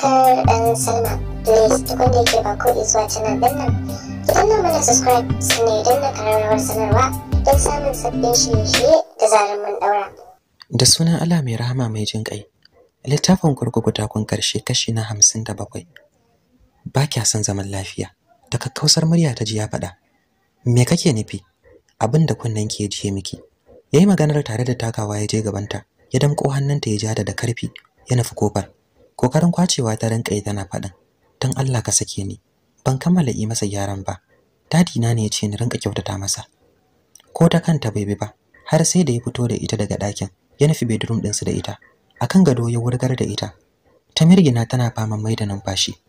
subscribe and sign up. Please ke subscribe sanarwa don samun sabbin shirye da sunan Allah mai rahama mai jin kai. Littafin kurkuku takun karshe kashi na hamsin da bakwai. Ba kya son zaman lafiya. Da kakkausar murya ta ji ya faɗa. Me kake nufi? Abin da kunnen ke jiye miki. Yayi maganar tare da takawa ya je gabanta. Ya damƙo hannunta ya ja da karfi ya nufi kofar. kokarin kwacewa ta rinka yi tana faɗin don Allah ka sake ni ban kammala yi masa gyaran ba dadi na ne ya ce ni rinka kyautata masa ko ta kanta bai bi ba har sai da ya fito da ita daga ɗakin ya nufi bedroom ɗinsu da ita akan gado ya wurgar da ita ta mirgina tana faman mai da numfashi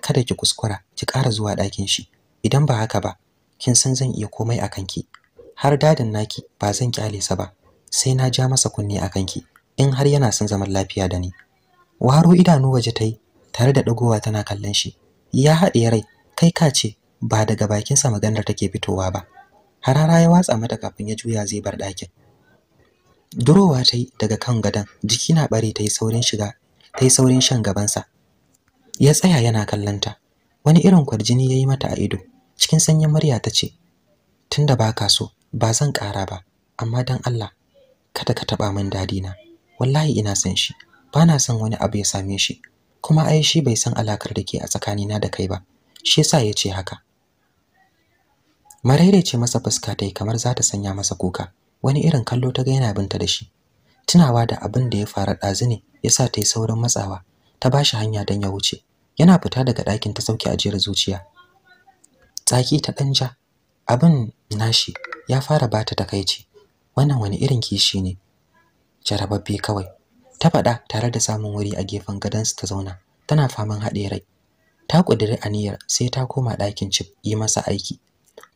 kada ki kuskura ki ƙara zuwa ɗakin shi idan ba haka ba kin san zan iya komai a kanki har dadin naki ba zan kyale sa ba sai na ja masa kunni a kanki in har yana son zaman lafiya da ni waro idanu waje ta yi tare da ɗagowa tana kallon shi ya haɗe rai kai ka ce ba daga bakinsa maganar take fitowa ba harara ya watsa mata kafin ya juya zai bar ɗakin durowa ta yi daga kan gadon jiki na bare ta yi saurin shiga ta saurin shan gabansa ya tsaya yana kallonta wani irin kwarjini ya yi mata a ido cikin sanyin murya ta ce tunda ba so ba zan ƙara ba amma don allah kada ka taɓa min dadina wallahi ina son shi bana na son wani abu ya same shi kuma ai shi bai san alakar da ke a tsakanina da kai ba shi yasa ya ce haka Maraire ce masa fuska tai kamar za ta sanya masa kuka wani irin kallo ta ga yana binta da shi tunawa da abin da ya fara ɗazu ne yasa ta yi saurin matsawa ta ba shi hanya don ya wuce yana fita daga ɗakin ta sauke ajiyar zuciya tsaki ta ɗan ja abin nashi ya fara bata takaici wannan wani irin kishi ne jarababbe kawai ta faɗa tare da samun wuri a gefen su ta zauna tana faman haɗe rai ta ƙudiri aniyar sai ta koma ɗakin cif yi masa aiki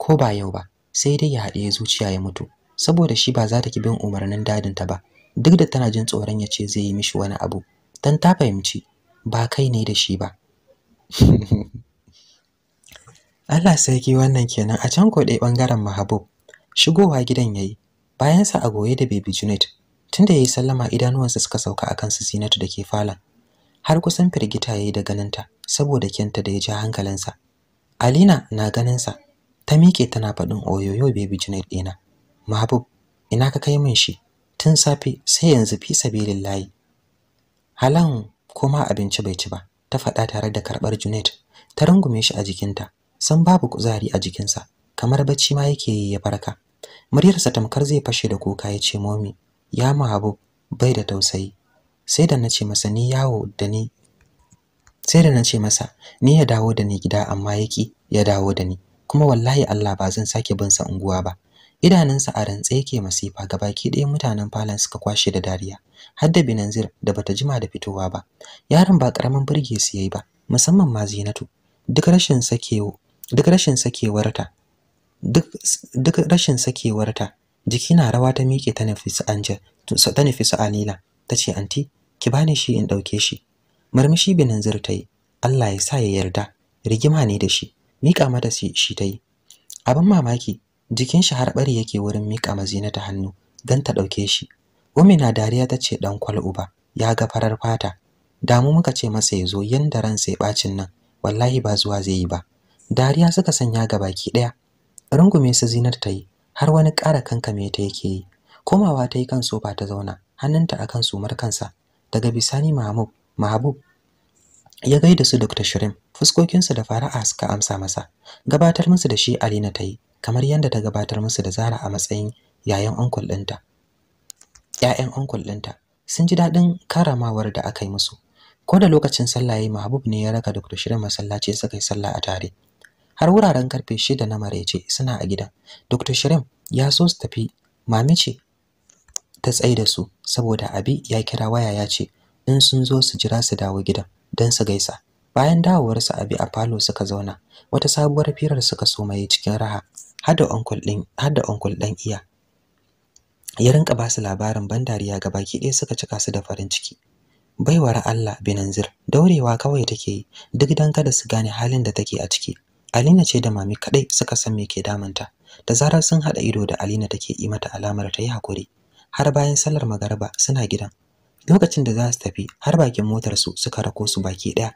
ko ba yau ba sai dai ya haɗe zuciya ya mutu saboda shi ba za ta ki bin umarnin dadinta ba duk da tana jin tsoron ya ce zai yi mishi wani abu dan ta fahimci ba kai ne da shi ba Allah sarki wannan kenan a can koɗe ɓangaren mahabub shigowa gidan yayi bayansa a goye da baby junet tunda yayi sallama idanuwansa suka sauka akan su Zinatu dake falon har kusan firgita yayi da ganinta saboda kyanta da ya ja hankalinsa Alina na ganinsa ta miƙe tana faɗin oyoyo baby Junaid ɗina mahbub ina ka kai min shi tun safe sai yanzu fi sabilillahi Halan koma abinci bai ci ba ta faɗa tare da karɓar Junaid ta rungume shi a jikinta san babu kuzari a jikinsa kamar bacci ma yake yi ya farka muryarsa tamkar zai fashe da kuka ya ce momi ya mu bai da tausayi sai da nace masa ni yawo da ni sai da nace masa ni ya dawo da ni gida amma yaki ya dawo da ni kuma wallahi Allah ba zan sake bin sa unguwa ba idanunsa a rantsa yake masifa baki ɗaya mutanen falon suka kwashe da dariya har da Binanzir da bata jima da fitowa ba yaron ba karamin burge su yayi ba musamman ma Zinatu duk rashin sakewo duk rashin sakewarta duk duk rashin sakewarta jiki na rawa ta miƙe ta nufi su Angel ta nufi Anila ta ce anti ki bani shi in ɗauke shi murmushi binanzir ta yi Allah ya sa ya yarda rigima ne da shi miƙa mata shi ta yi abin mamaki jikin shi har bari yake wurin miƙa mazina ta hannu don ta ɗauke shi Umi na dariya ta ce ɗan kwal uba ya ga farar fata damu muka ce masa ya zo yanda ran sai ɓacin nan wallahi ba zuwa zai yi ba dariya suka sanya ga baki ɗaya rungume su zinar ta yi har wani ƙara kankame ta yake yi komawa ta yi kan sofa ta zauna hannunta akan sumar kansa daga bisani mahabub mahabub ya gaida su Dr. Shirin fuskokinsu da fara'a suka amsa masa gabatar musu da shi Alina ta yi kamar yadda ta gabatar musu da Zara a matsayin yayan onkul ɗinta ya'yan onkul ɗinta sun ji daɗin karamawar da aka yi musu ko da lokacin sallah Mahabub Mahbub ne ya raka Dr. Shirin masallaci suka yi sallah a tare har wuraren karfe shida na maraice suna a gidan dr shirim ya so su tafi mamice ta tsai da su saboda abi ya kira waya ya ce in sun zo su jira su dawo gidan don su gaisa bayan dawowarsu abi a falo suka zauna wata sabuwar firar suka somaye cikin raha har da onkul ɗan iya ya rinka ba su labarin ban dariya ga baki ɗaya suka cika su da farin ciki baiwar Allah Binanzir daurewa kawai take yi duk don kada su gane halin da take a ciki Alina ce da mami kadai suka san me ke damunta. Da zarar sun hada ido da Alina take yi mata alamar ta yi hakuri. Har bayan sallar magariba suna gidan. Lokacin da za su tafi har bakin motar su suka rako su baki daya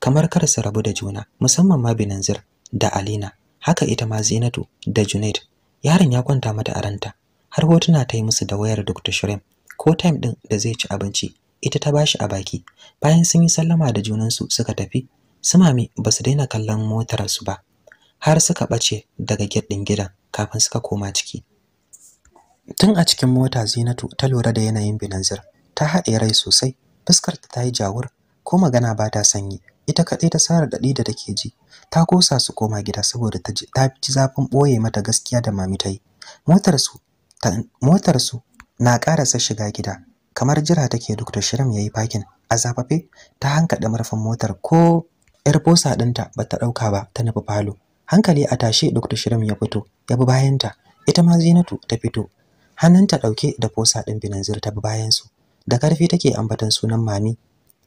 kamar kar su rabu da juna musamman ma Binanzir da Alina. Haka ita ma Zinatu da Junaid. Yaron ya kwanta mata a ranta. Har hotuna ta yi musu da wayar Dr. Shrem ko time din da zai ci abinci ita ta bashi a baki. Bayan sun yi sallama da junansu suka tafi su ba su daina kallon motar ba har suka bace daga gate gidan kafin suka koma ciki tun a cikin mota Zinatu ta lura da yanayin Binanzir ta haɗe rai sosai fuskar ta yi jawur ko magana ba ta sanyi ita kaɗai ta sara daɗi da take ji ta kosa su koma gida saboda ta ji zafin ɓoye mata gaskiya da mami ta yi motar su na ƙarasa shiga gida kamar jira take duk da shirin yayi fakin a zafafe ta hankaɗe murfin motar ko yar fosa ɗinta ba ta ɗauka ba ta nufi falo hankali a tashe dr shirim ya fito ya bi bayanta ita ma zinatu ta fito Hannun ta ɗauke da fosa ɗin binanzir ta bi bayansu da karfi take ambatan sunan mami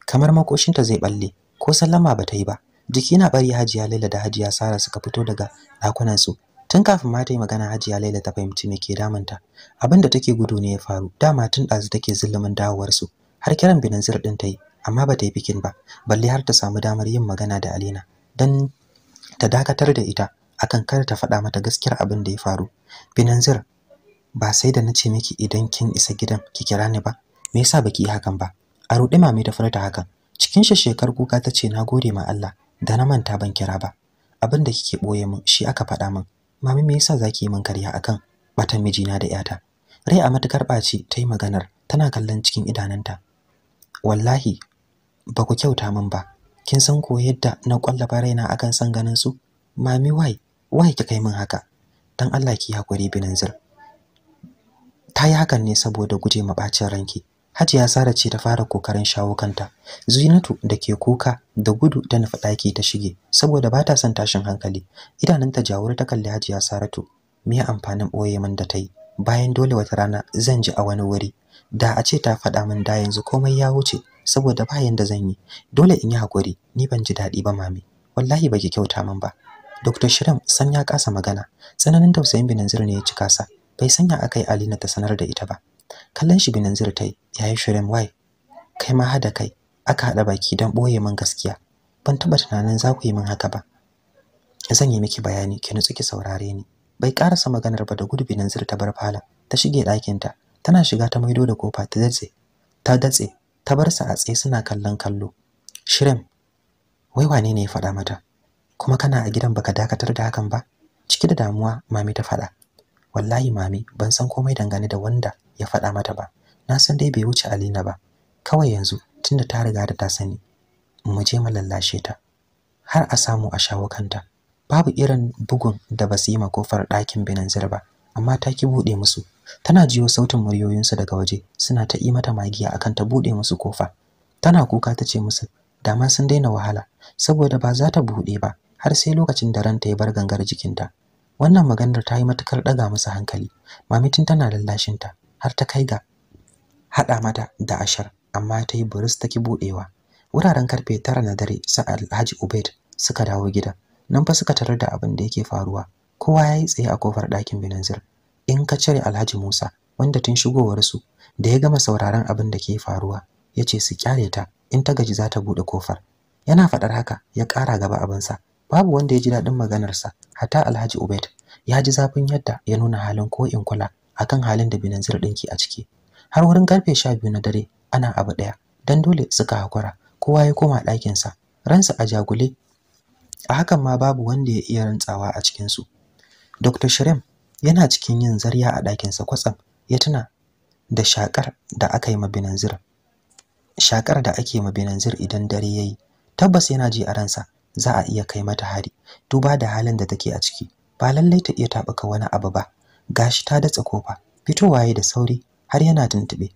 kamar makoshinta zai balle ko sallama ba ta yi ba jiki na bari hajiya laila da hajiya sara suka fito daga ɗakunansu tun kafin ma ta yi magana hajiya laila ta fahimci me ke damunta abin da take gudu ne ya faru dama tun ɗazu take zulumin dawowarsu har kiran binanzir ɗin ta yi amma ba ta yi bikin ba balle har ta samu damar yin magana da Alina dan ta dakatar da ita akan kar ta faɗa mata gaskiyar abin da ya faru Binanzir ba sai da nace miki idan kin isa gidan ki kira ni ba me yasa baki yi hakan ba a rudi mame ta furta hakan cikin shi shekar kuka na gode ma Allah da na manta ban kira ba abin da kike boye min shi aka faɗa min mami me yasa zaki yi min karya akan batan mijina da yata rai a matukar ɓaci ta yi maganar tana kallon cikin idananta wallahi ba ku kyauta min ba kin san ko yadda na kwallaba raina akan san ganin su mami wai wai ki kai min haka dan Allah ki hakuri binanzir ta yi hakan ne saboda guje ma bacin ranki Hajiya Sara ce ta fara kokarin shawo kanta. Zinatu da ke kuka da gudu da nufi ɗaki ta shige saboda ba ta son tashin hankali. Idanunta jawur ta kalli Hajiya Saratu. Me amfanin ɓoye min da ta yi? bayan dole wata rana zan ji a wani wuri da a ce ta faɗa min da yanzu komai ya wuce saboda ba yanda zan yi dole in yi hakuri ni ban ji daɗi ba mami wallahi baki kyauta min ba Dr. Shiram san ya kasa magana tsananin tausayin Binanzir ne ya cika sa bai sanya akai Alina ta sanar da ita ba kallon shi Binanzir tai yayi Shiram wai kai ma hada kai aka hada baki dan boye min gaskiya ban taba tunanin za ku yi min haka ba zan yi miki bayani ki nutsu ki saurare ni bai karasa maganar ba da gudbinin nan ta bar falon ta shige ɗakinta tana shiga ta maido da kofa ta datse ta datse ta bar sa a tsaye suna kallon kallo Shirin. wai wane ne ya faɗa mata kuma kana a gidan baka dakatar da hakan ba Ciki da damuwa mami ta faɗa wallahi mami ban san komai dangane da wanda ya faɗa mata ba na san dai bai wuce Alina ba kawai yanzu tunda ta riga da ta sani mu je mu lallashe ta har a samu a shawo kanta babu irin bugun da ba su yi makofar ɗakin binanzir ba amma ta ki buɗe musu tana jiyo sautin muryoyinsu daga waje suna ta yi mata magiya akan ta buɗe musu kofa tana kuka ta ce musu dama sun daina wahala saboda ba za ta buɗe ba har sai lokacin da ranta ya bar gangar jikinta wannan maganar ta yi matukar ɗaga musu hankali mamitin tana lallashinta har ta kai ga haɗa mata da ashar amma ta yi buris ta ki buɗewa wuraren karfe tara na dare sa alhaji ubaid suka dawo gida nan fa suka tarar da abin da yake faruwa kowa ya yi tsaye a kofar ɗakin binanzir in ka cire alhaji musa wanda tun shigowar su da ya gama sauraron abin da ke faruwa ya ce su kyare ta in ta gaji za ta buɗe kofar yana faɗar haka ya ƙara gaba abinsa babu wanda ya ji daɗin maganarsa hatta alhaji ubaid ya ji zafin yadda ya nuna halin ko in kula kan halin da binanzir ɗinki a ciki har wurin karfe sha biyu na dare ana abu ɗaya dan dole suka hakura kowa ya koma ɗakinsa ransa a jagule a hakan ma babu wanda ya iya rantsawa a cikinsu dr shirem yana cikin yin zarya a ɗakinsa kwatsam ya tuna da shakar da aka yi ma binanzir shakar da ake ma binanzir idan dare yayi tabbas yana ji a ransa za a iya kai mata hari duba da halin da take a ciki ba lallai ta iya taɓuka wani abu ba gashi ta datsa kofa fitowa yayi da sauri har yana tuntube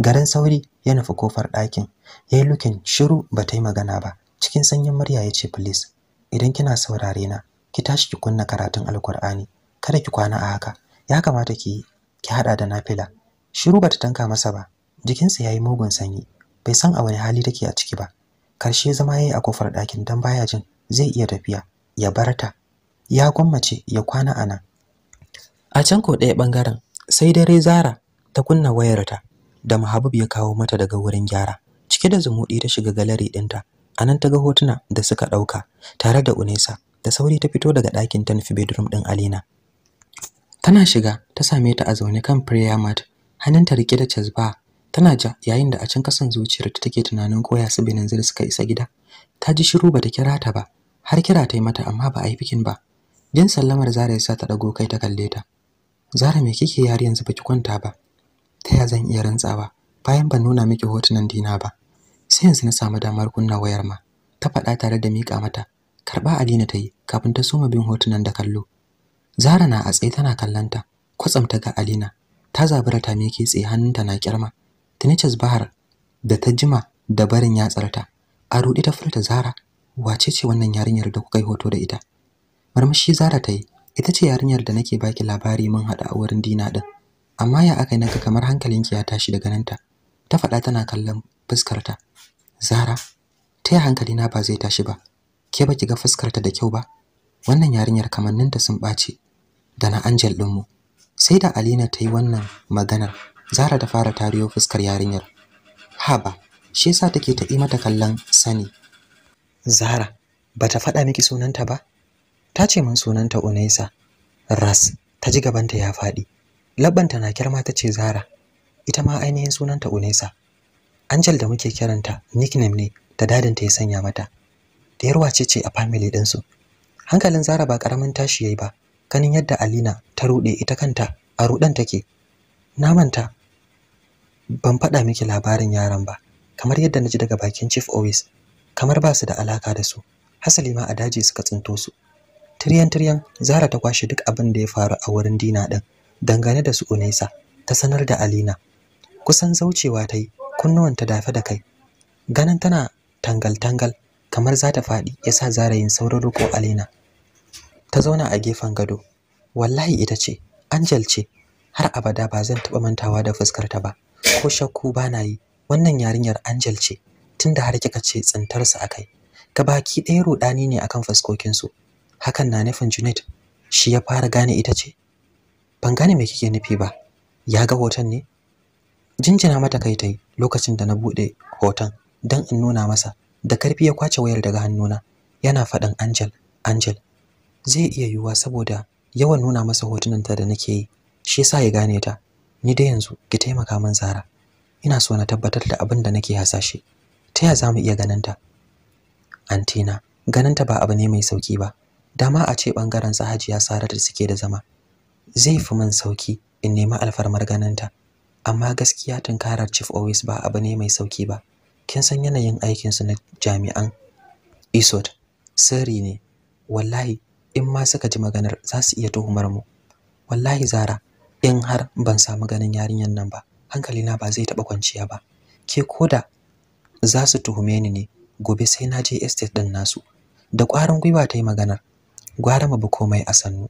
garin sauri ya nufi kofar ɗakin yayi lukin shiru ba ta yi magana ba cikin sanyin murya ya ce please idan kina saurare na ki tashi ki kunna karatun alkur'ani kada ki kwana a haka ya kamata ki ki hada da nafila shiru bata tanka masa ba jikinsa yayi mugun sanyi bai san a wani hali take a ciki ba karshe zama ya yi a kofar ɗakin dan baya jin zai iya tafiya ya barta ya gwammace ya kwana ana a can ko ɗaya bangaren sai dare Zara ta kunna wayarta da Mahabub ya kawo mata daga wurin gyara cike da zumuɗi ta shiga galeri ɗinta anan ta ga hotuna da suka ɗauka tare da Unesa da sauri ta fito daga ɗakin ta nufi bedroom ɗin Alina tana shiga ta same ta a zaune kan prayer mat hannunta rike da chasba tana ja yayin da a can kasan zuciyar ta take tunanin koya su Benanzir suka isa gida ta ji shiru ba ta kira ta ba har kira ta yi mata amma ba a yi bikin ba jin sallamar Zara ya sa ta dago kai ta kalle ta Zara me kike yari yanzu baki kwanta ba ta ya zan iya rantsawa bayan ban nuna miki hotunan dina ba sai yanzu na samu damar kunna wayar ma ta faɗa tare da mika mata karɓa Alina ta yi kafin ta soma bin hotunan da kallo Zara na a tsaye tana kallanta kwatsam ta ga Alina ta zabura ta miƙe tsaye hannunta na kirma Tinichas Bahar da ta jima da barin ya tsarta. a rudi ta furta Zara wace ce wannan yarinyar da kuka yi hoto da ita marmashi Zara ta yi ita ce yarinyar da nake baki labari mun haɗa a wurin dina din amma ya aka naga kamar hankalinki ya tashi daga nan ta ta faɗa tana kallon fuskarta Zara ta yi hankali na ba zai tashi ba ke ba ki ga fuskarta da kyau ba wannan yarinyar kamanninta sun ɓace da na Angel mu. sai da Alina ta yi wannan maganar Zara ta fara tariyo fuskar yarinyar haba shi yasa take ta yi mata kallon sani Zara ba ta faɗa miki sunanta ba ta ce min sunanta Unaisa ras ta ji gabanta ya faɗi labbanta na kirma ta ce Zara ita ma ainihin sunanta Unesa. Angel da muke kiranta nickname ne da dadin ta ya sanya mata. Da yarwa ce ce a family din su. Hankalin Zara ba karamin tashi yayi ba, kanin yadda Alina ta rude ita kanta a rudan take. Na manta ban faɗa miki labarin yaran ba, kamar yadda na ji daga bakin Chief Owis, kamar ba su da alaka da su. Hasali ma a daji suka tsinto su. Tiryan-tiryan Zara ta kwashe duk abin da ya faru a wurin Dina din, dangane da su Unesa ta sanar da Alina kusan zaucewa ta yi ta dafe da kai ganin tana tangal-tangal kamar za ta faɗi ya sa yin saurin riko alina ta zauna a gefen gado wallahi ita ce angel ce har abada ba zan taɓa mantawa da fuskar ta ba ko shakku ba na yi wannan yarinyar angel ce tunda har kika ce tsintarsa a akai baki ɗaya rudani ne akan fuskokinsu hakan na nufin Junet shi ya fara gane ita ce ban gane me kike nufi ba ya ga hoton ne jinjina mata kai tai lokacin da na bude hoton dan in nuna masa da karfi ya kwace wayar daga hannuna yana faɗin Angel Angel zai iya yiwuwa saboda yawan nuna masa hotunanta da nake yi shi yasa ya gane ta ni da yanzu ki taimaka min Zara ina so na tabbatar da abin da nake hasashe ta ya zamu iya ganin ta antina ganin ta ba abu ne mai sauki ba dama a ce bangaren sa Hajiya da suke da zama zai fi min sauki in nemi alfarmar ganin ta amma gaskiya tunkarar chief always ba abu ne mai sauki ba kin san yanayin aikin su na jami'an isot sirri ne wallahi in ma suka ji maganar za su iya tuhumar mu wallahi zara in har ban samu ganin yarinyar nan ba hankali na ba zai taɓa kwanciya ba ke koda za su tuhume ni ne gobe sai na je estate ɗin nasu da ƙwarin gwiwa ta yi maganar gwara mu bi komai a sannu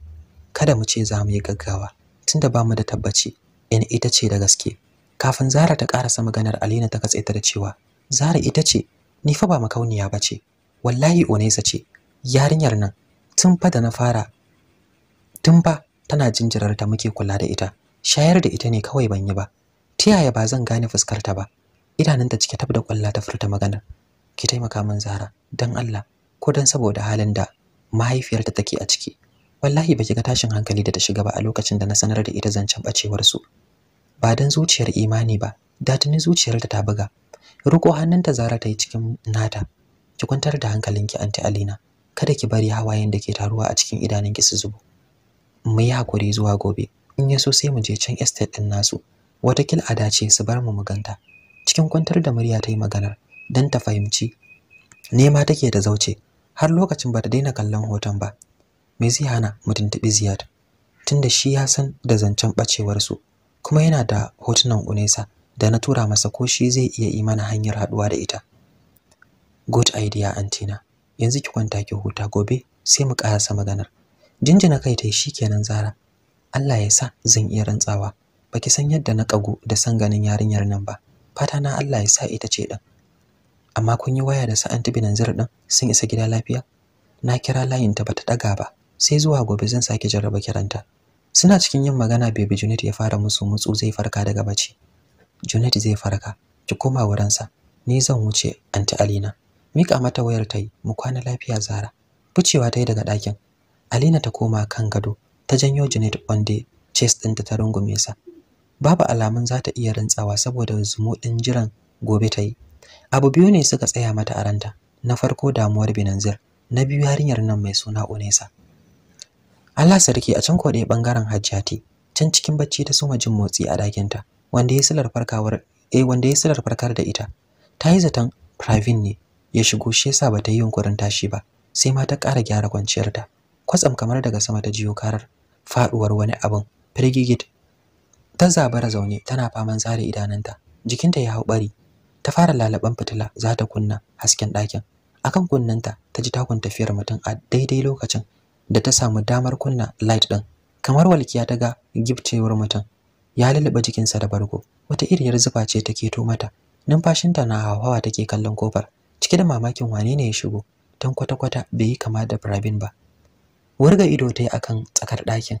kada mu ce za mu yi gaggawa tunda ba mu da tabbaci in ita ce da gaske kafin Zara ta karasa maganar Alina ta katse ta da cewa Zara ita ce ni fa ba makauniya bace wallahi Onesa ce yarinyar nan tun fa da na fara tun fa tana jinjirar ta muke kula da ita shayar da ita ne kawai ban yi ba tiyaya ba zan gane fuskar ta ba idanunta cike tab da kwalla ta furta maganar ki taimaka min Zara dan Allah ko dan saboda halin da mahaifiyarta take a ciki wallahi baki ga tashin hankali da ta shiga ba a lokacin da na sanar da ita zancen bacewar su ba dan zuciyar imani ba da tuni zuciyarta ta buga riko hannunta zara ta yi cikin nata ki kwantar da hankalinki anti alina kada ki bari hawayen da ke taruwa a cikin idanunki su zubo mu yi hakuri zuwa gobe in ya so sai mu je can estate din nasu watakil a dace su bar mu muganta cikin kwantar da murya ta yi maganar dan ta fahimci nema take da zauce har lokacin ba ta daina kallon hoton ba me zai hana mu tuntuɓi tunda shi ya san da zancen su kuma yana da hotunan Unesa da na tura masa ko shi zai iya yi mana hanyar haduwa da ita. Good idea antina. Yanzu ki kwanta ki huta gobe sai mu karasa maganar. Jinjina kai tai kenan Zara. Allah ya sa zan iya rantsawa. Baki san yadda na kagu da san ganin yarinyar nan ba. Fata na Allah ya sa ita ce din. Amma kun yi waya da sa Anti Binanzir din sun isa gida lafiya? Na kira layin ta bata daga ba. Sai zuwa gobe zan sake jarraba kiranta. suna cikin yin magana baby Junet ya fara musu mutsu zai farka daga bacci Junet zai farka ki koma wurinsa ni zan wuce anti Alina mika mata wayar tai mu kwana lafiya Zara ficewa ta yi daga ɗakin Alina ta koma kan gado ta janyo Junet onde chest ɗinta ta rungume sa babu alamun za ta iya rantsawa saboda din jiran gobe ta abu biyu ne suka tsaya mata a ranta na farko damuwar Binanzir na biyu yarinyar nan mai suna Onesa Allah sarki a can kwaɗe bangaren Hajjati can cikin bacci ta soma jin motsi a dakinta wanda ya silar farkawar eh wanda ya silar farkar da ita ta yi zaton Pravin ne ya shigo shi yasa ta yi yunkurin tashi ba sai ma ta ƙara gyara kwanciyarta kwatsam kamar daga sama ta jiyo karar faduwar wani abin firgigit ta zabara zaune tana faman zare idananta jikinta ya hau bari ta fara lalaban fitila za ta kunna hasken ɗakin akan kunnanta ta ji takun tafiyar mutum a daidai lokacin da ta samu damar kunna light din kamar walkiya ta ga gibcewar mutum ya lulluɓe jikinsa da bargo wata iriyar zufa ce take to mata numfashinta na hawawa take kallon kofar cike da mamakin wane ne ya shigo don kwata-kwata bai yi kama da Pravin ba wurga ido ta yi akan tsakar ɗakin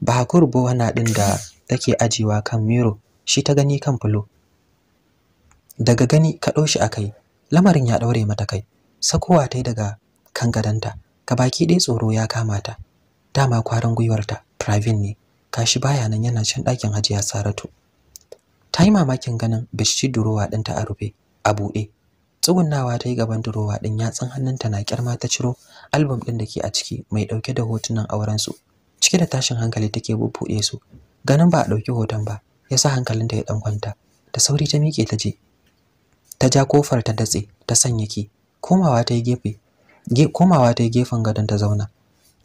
ba hakuru bo wana ɗin da take ajiwa kan miro shi ta gani kan fulo daga gani ka ɗau shi a kai lamarin ya ɗaure mata kai sakowa ta yi daga kan baki ɗaya tsoro ya kama ta. Dama kwarin gwiwarta Pravin ne. Kashi baya nan yana cin ɗakin Hajiya Saratu. Ta yi mamakin ganin bishi durowa ɗinta a rufe, a buɗe. Tsugunnawa ta yi gaban durowa ɗin yatsun hannunta na kyarma ta ciro album ɗin da ke a ciki mai ɗauke da hotunan aurensu. Cike da tashin hankali take bubbuɗe su. Ganin ba a ɗauki hoton ba, ya sa hankalinta ya ɗan kwanta. Da sauri ta miƙe ta je. Ta ja kofar ta datse, ta sanya ki. Komawa ta yi gefe, komawa ta gefen gadon ta zauna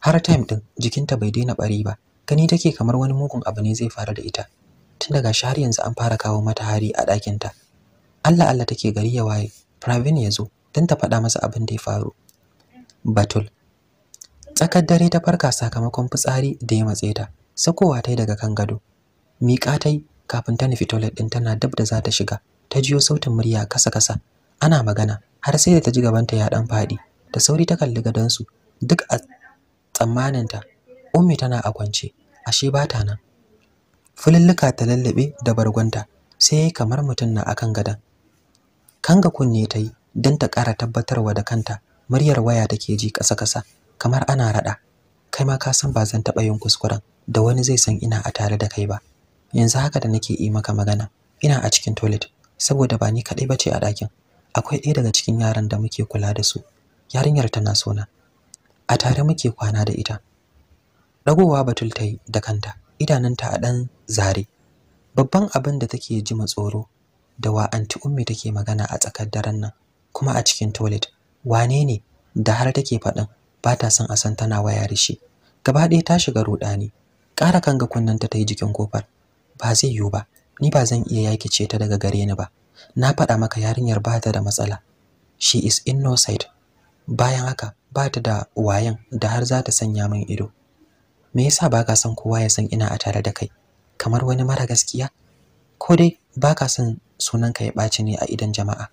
har time din jikinta bai daina bari ba gani take kamar wani mugun abu ne zai faru da ita tun daga har yanzu an fara kawo mata hari a ɗakin ta Allah Allah take gari ya waye Pravin ya zo dan ta faɗa masa abin da ya faru Batul tsakar dare ta farka sakamakon fitsari da ya matse ta sakowa ta daga kan gado miƙa ta kafin ta nufi toilet din tana dab da za ta shiga ta jiyo sautin murya kasa kasa ana magana har sai da ta ji gabanta ya dan faɗi da sauri ta kalli gadon su, duk a tsammaninta ummi tana a kwance ashe ba ta nan fulilluka ta lallabe da bargonta sai kamar mutum na akan gadon kanga kunne ta yi don ta ƙara tabbatarwa da kanta muryar waya take ji kasa-kasa, kamar ana raɗa kai ma ka san ba zan taɓa yin kuskuren da wani zai san ina a tare da kai ba yanzu haka da nake yi maka magana ina a cikin toilet saboda ba ni kaɗai ce a ɗakin akwai ɗaya daga cikin yaran da muke kula da su yarinyar tana sona. a tare muke kwana da ita dagowa batul tai da kanta idananta a dan zare babban abin da take ji tsoro da wa anti ummi take magana a tsakar daren nan kuma a cikin toilet wane ne da har take faɗin ba ta san a san tana waya da shi gaba ɗaya ta shiga rudani ƙara kanga kunnanta ta yi jikin kofar ba zai yiwu ba ni ba zan iya ce ta daga gare ni ba na faɗa maka yarinyar ba ta da matsala she is innocent bayan haka ba ta da wayan da har za ta sanya min ido me yasa ba ka san kowa ya san ina a tare da kai kamar wani mara gaskiya ko dai ba ka son sunanka ya ɓaci ne a idan jama'a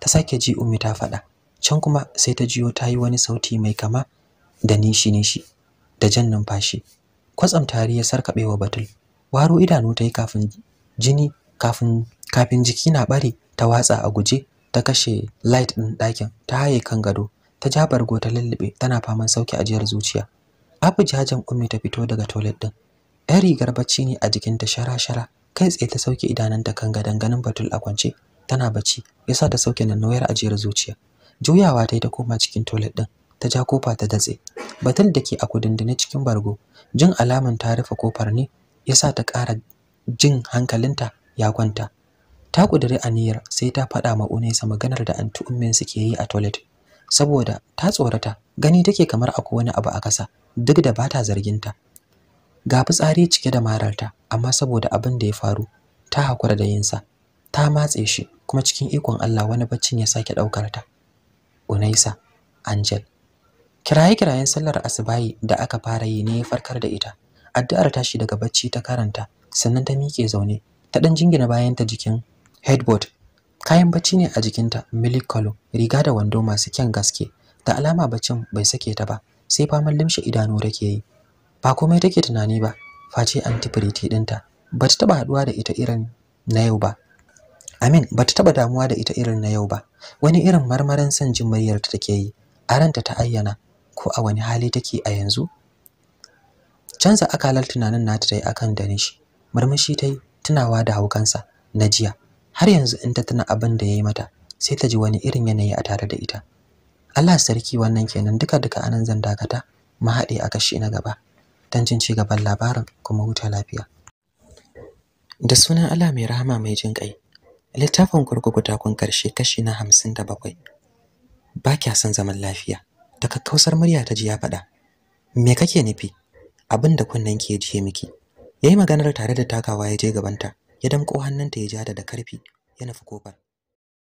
ta sake ji ummi ta faɗa can kuma sai ta jiyo ta yi wani sauti mai kama da nishi nishi da jan numfashi kwatsam tari ya sarkaɓe wa batul waro idanu ta yi kafin jini kafin kafin jiki na bare ta watsa a guje ta kashe light ɗin ɗakin ta haye kan gado ta ja bargo ta lullube tana faman sauki ajiyar zuciya abu jajan ummi ta fito daga toilet din yan rigar bacci ne a jikin ta shara-shara kai tsaye ta sauke ta kan gadan ganin batul a kwance tana bacci yasa ta sauke nan nauyar ajiyar zuciya juyawa ta yi ta koma cikin toilet din ta ja kofa ta datse batul da ke a kudindine cikin bargo jin alaman ta rufe kofar ne yasa ta ƙara jin hankalinta ya kwanta ta ƙudiri aniyar sai ta faɗa ma Unesa maganar da antu ummin suke yi a toilet saboda ta tsorata gani take kamar akwai wani abu a kasa, duk da ba bata zarginta ga fitsari cike da mararta amma saboda abin da ya faru ta hakura da yinsa ta matse shi kuma cikin ikon Allah wani baccin ya sake daukar ta Unaisa Angel kiraye kirayen sallar asubahi da aka fara yi ne ya farkar da ita addu'ar tashi daga bacci ta karanta sannan ta miƙe zaune ta dan jingina bayan ta jikin headboard kayan bacci ne a jikinta milik color riga da wando masu kyan gaske da alama baccin bai sake ta ba sai faman limshe idanu rake yi ba komai take tunani ba face antipriti dinta ba ta taba haduwa da ita irin na yau ba amin ba ta taba damuwa da ita irin na yau ba wani irin marmarin son jin muryar ta take yi a ranta ta ayyana ko a wani hali take a yanzu canza akalar tunanin nata ta yi akan danishi, murmushi ta yi tunawa da haukansa na jiya har yanzu in ta tuna abin da yayi mata sai ta ji wani irin yanayi a tare da ita Allah sarki wannan kenan duka duka anan zan dakata mu haɗe a kashi na gaba don jin ci gaban labarin kuma huta lafiya da sunan Allah mai rahama mai jin kai littafin kurkuku takun karshe kashi na hamsin da bakwai ba kya son zaman lafiya ta kakkausar murya ta ji ya faɗa me kake nufi abin da kunnen ke ji miki yayi maganar tare da takawa ya je gabanta ya damƙo hannunta ya ja da ƙarfi ya nufi kofar